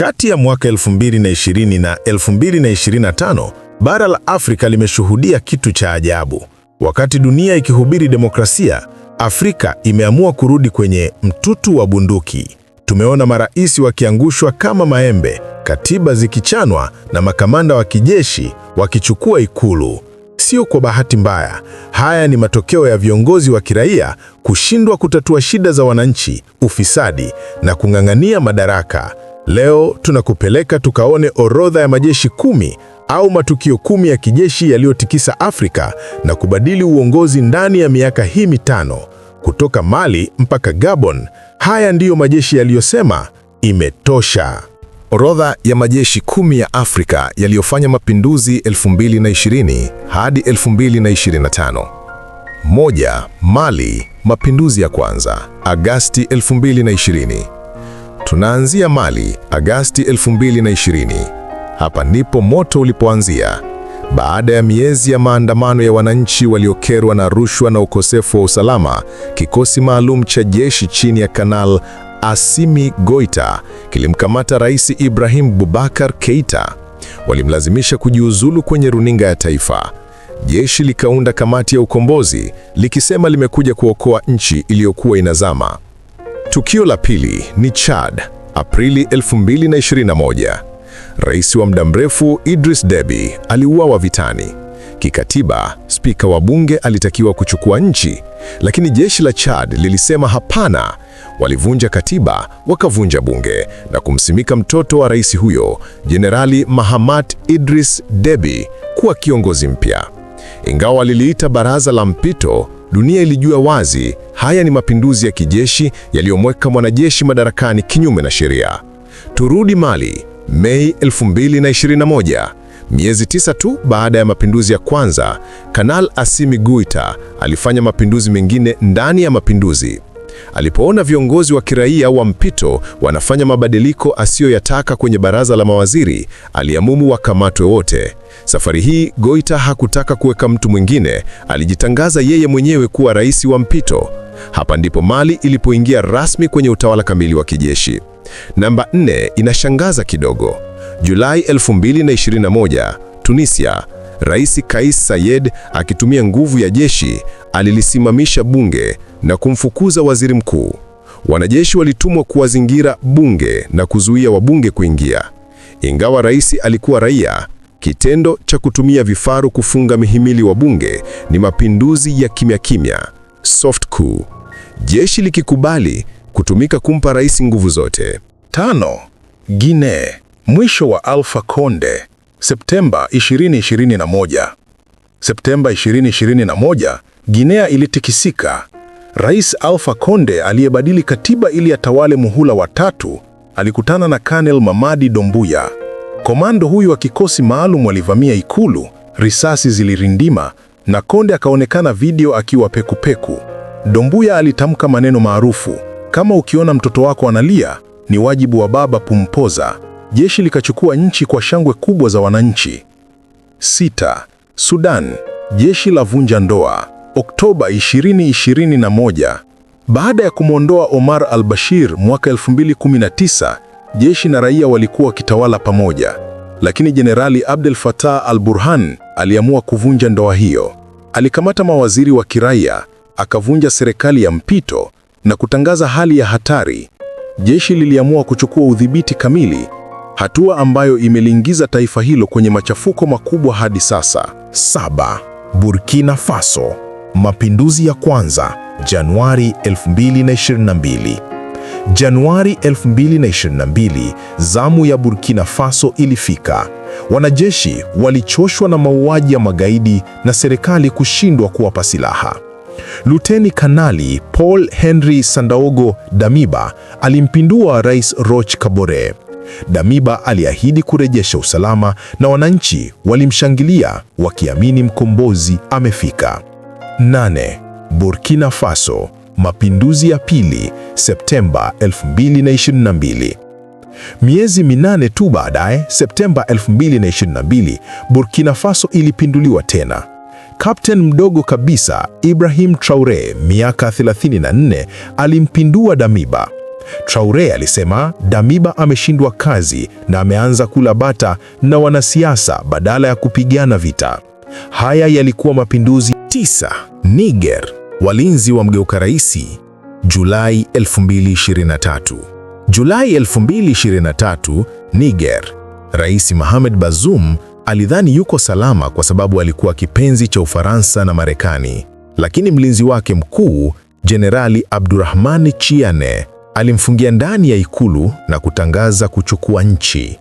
Kati ya mwaka 2020 na 2025, bara la Afrika limeshuhudia kitu cha ajabu. Wakati dunia ikihubiri demokrasia, Afrika imeamua kurudi kwenye mtutu wa bunduki. Tumeona marais wakiangushwa kama maembe, katiba zikichanwa na makamanda wa kijeshi wakichukua ikulu. Sio kwa bahati mbaya. Haya ni matokeo ya viongozi wa kiraia kushindwa kutatua shida za wananchi, ufisadi na kung'ang'ania madaraka. Leo tunakupeleka tukaone orodha ya majeshi kumi au matukio kumi ya kijeshi yaliyotikisa Afrika na kubadili uongozi ndani ya miaka hii mitano, kutoka Mali mpaka Gabon. Haya ndiyo majeshi yaliyosema imetosha. Orodha ya majeshi kumi ya Afrika yaliyofanya mapinduzi 2020 hadi 2025. Moja, Mali, mapinduzi ya kwanza, Agasti 2020. Tunaanzia Mali, Agasti 2020. Hapa ndipo moto ulipoanzia. Baada ya miezi ya maandamano ya wananchi waliokerwa na rushwa na ukosefu wa usalama, kikosi maalum cha jeshi chini ya Kanal Assimi Goita kilimkamata Rais Ibrahim Boubacar Keita. Walimlazimisha kujiuzulu kwenye runinga ya taifa. Jeshi likaunda kamati ya ukombozi likisema limekuja kuokoa nchi iliyokuwa inazama. Tukio la pili ni Chad, Aprili 2021. Rais wa muda mrefu Idris Deby aliuawa vitani. Kikatiba, spika wa bunge alitakiwa kuchukua nchi, lakini jeshi la Chad lilisema hapana. Walivunja katiba, wakavunja bunge na kumsimika mtoto wa rais huyo, Jenerali Mahamat Idris Deby kuwa kiongozi mpya. Ingawa liliita baraza la mpito, dunia ilijua wazi Haya ni mapinduzi ya kijeshi yaliyomweka mwanajeshi madarakani kinyume na sheria. Turudi Mali, Mei 2021. Miezi tisa tu baada ya mapinduzi ya kwanza, Kanal Assimi Goita alifanya mapinduzi mengine ndani ya mapinduzi. Alipoona viongozi wa kiraia wa mpito wanafanya mabadiliko asiyoyataka kwenye baraza la mawaziri, aliamumu wakamatwe wote. Safari hii Goita hakutaka kuweka mtu mwingine, alijitangaza yeye mwenyewe kuwa rais wa mpito. Hapa ndipo Mali ilipoingia rasmi kwenye utawala kamili wa kijeshi. Namba nne inashangaza kidogo. Julai 2021, Tunisia, Rais Kais Saied akitumia nguvu ya jeshi alilisimamisha bunge na kumfukuza waziri mkuu. Wanajeshi walitumwa kuwazingira bunge na kuzuia wabunge kuingia. Ingawa rais alikuwa raia, kitendo cha kutumia vifaru kufunga mihimili wa bunge ni mapinduzi ya kimya kimya soft coup, jeshi likikubali kutumika kumpa rais nguvu zote. Tano, Guinea, mwisho wa Alpha Conde, Septemba 2021. Septemba 2021, Guinea ilitikisika. Rais Alpha Conde aliyebadili katiba ili atawale muhula wa tatu alikutana na Kanel Mamadi Dombuya. Komando huyu wa kikosi maalum walivamia ikulu, risasi zilirindima na Konde akaonekana video akiwa pekupeku. Dombuya alitamka maneno maarufu kama ukiona mtoto wako analia ni wajibu wa baba kumpoza. Jeshi likachukua nchi kwa shangwe kubwa za wananchi. Sita, Sudan, jeshi la vunja ndoa, Oktoba 2021. Baada ya kumwondoa Omar al-Bashir mwaka 2019, jeshi na raia walikuwa wakitawala pamoja, lakini Jenerali Abdel Fattah al-Burhan aliamua kuvunja ndoa hiyo. Alikamata mawaziri wa kiraia, akavunja serikali ya mpito na kutangaza hali ya hatari. Jeshi liliamua kuchukua udhibiti kamili, hatua ambayo imeliingiza taifa hilo kwenye machafuko makubwa hadi sasa. Saba, Burkina Faso, mapinduzi ya kwanza Januari 2022. Januari 2022, zamu ya Burkina Faso ilifika. Wanajeshi walichoshwa na mauaji ya magaidi na serikali kushindwa kuwapa silaha. Luteni Kanali Paul Henry Sandaogo Damiba alimpindua Rais Roch Kabore. Damiba aliahidi kurejesha usalama na wananchi walimshangilia wakiamini mkombozi amefika. Nane, Burkina Faso mapinduzi ya pili, Septemba 2022. Miezi minane tu baadaye, Septemba 2022, Burkina Faso ilipinduliwa tena. kapten mdogo kabisa Ibrahim Traore, miaka 34, alimpindua Damiba. Traore alisema Damiba ameshindwa kazi na ameanza kula bata na wanasiasa badala ya kupigana vita. Haya yalikuwa mapinduzi tisa. Niger Walinzi wa mgeuka raisi. Julai 2023. Julai 2023, Niger. Rais Mohamed Bazoum alidhani yuko salama kwa sababu alikuwa kipenzi cha Ufaransa na Marekani, lakini mlinzi wake mkuu Jenerali Abdurahmani Chiane alimfungia ndani ya ikulu na kutangaza kuchukua nchi.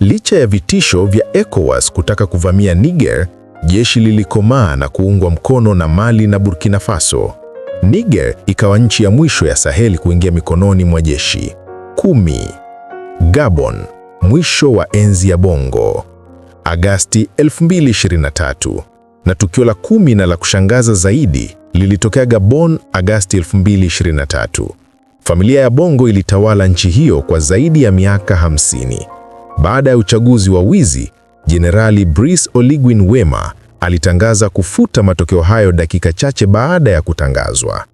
Licha ya vitisho vya ECOWAS kutaka kuvamia Niger, jeshi lilikomaa na kuungwa mkono na Mali na Burkina Faso. Niger ikawa nchi ya mwisho ya Saheli kuingia mikononi mwa jeshi. Kumi. Gabon, mwisho wa enzi ya Bongo. Agasti 2023. Na tukio la kumi na la kushangaza zaidi lilitokea Gabon Agasti 2023. Familia ya Bongo ilitawala nchi hiyo kwa zaidi ya miaka 50. Baada ya uchaguzi wa wizi, Jenerali Brice Oligwin Wema alitangaza kufuta matokeo hayo dakika chache baada ya kutangazwa.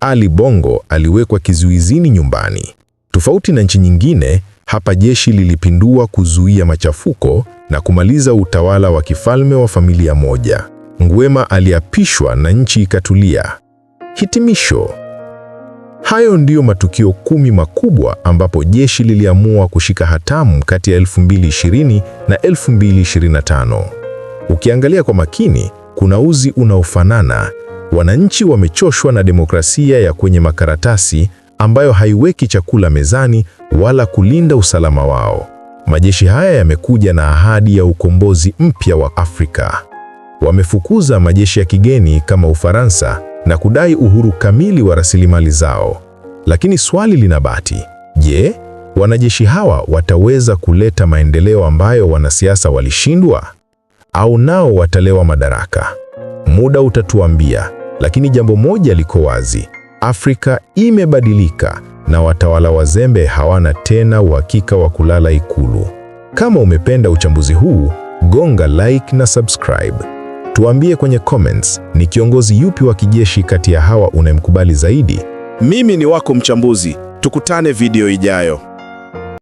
Ali Bongo aliwekwa kizuizini nyumbani. Tofauti na nchi nyingine, hapa jeshi lilipindua kuzuia machafuko na kumaliza utawala wa kifalme wa familia moja. Ngwema aliapishwa na nchi ikatulia. Hitimisho. Hayo ndiyo matukio kumi makubwa ambapo jeshi liliamua kushika hatamu kati ya 2020 na 2025. Ukiangalia kwa makini, kuna uzi unaofanana. Wananchi wamechoshwa na demokrasia ya kwenye makaratasi ambayo haiweki chakula mezani wala kulinda usalama wao. Majeshi haya yamekuja na ahadi ya ukombozi mpya wa Afrika. Wamefukuza majeshi ya kigeni kama Ufaransa na kudai uhuru kamili wa rasilimali zao. Lakini swali linabaki, je, wanajeshi hawa wataweza kuleta maendeleo ambayo wanasiasa walishindwa, au nao watalewa madaraka? Muda utatuambia, lakini jambo moja liko wazi: Afrika imebadilika na watawala wazembe hawana tena uhakika wa kulala Ikulu. Kama umependa uchambuzi huu, gonga like na subscribe. Tuambie kwenye comments, ni kiongozi yupi wa kijeshi kati ya hawa unayemkubali zaidi? Mimi ni wako mchambuzi, tukutane video ijayo.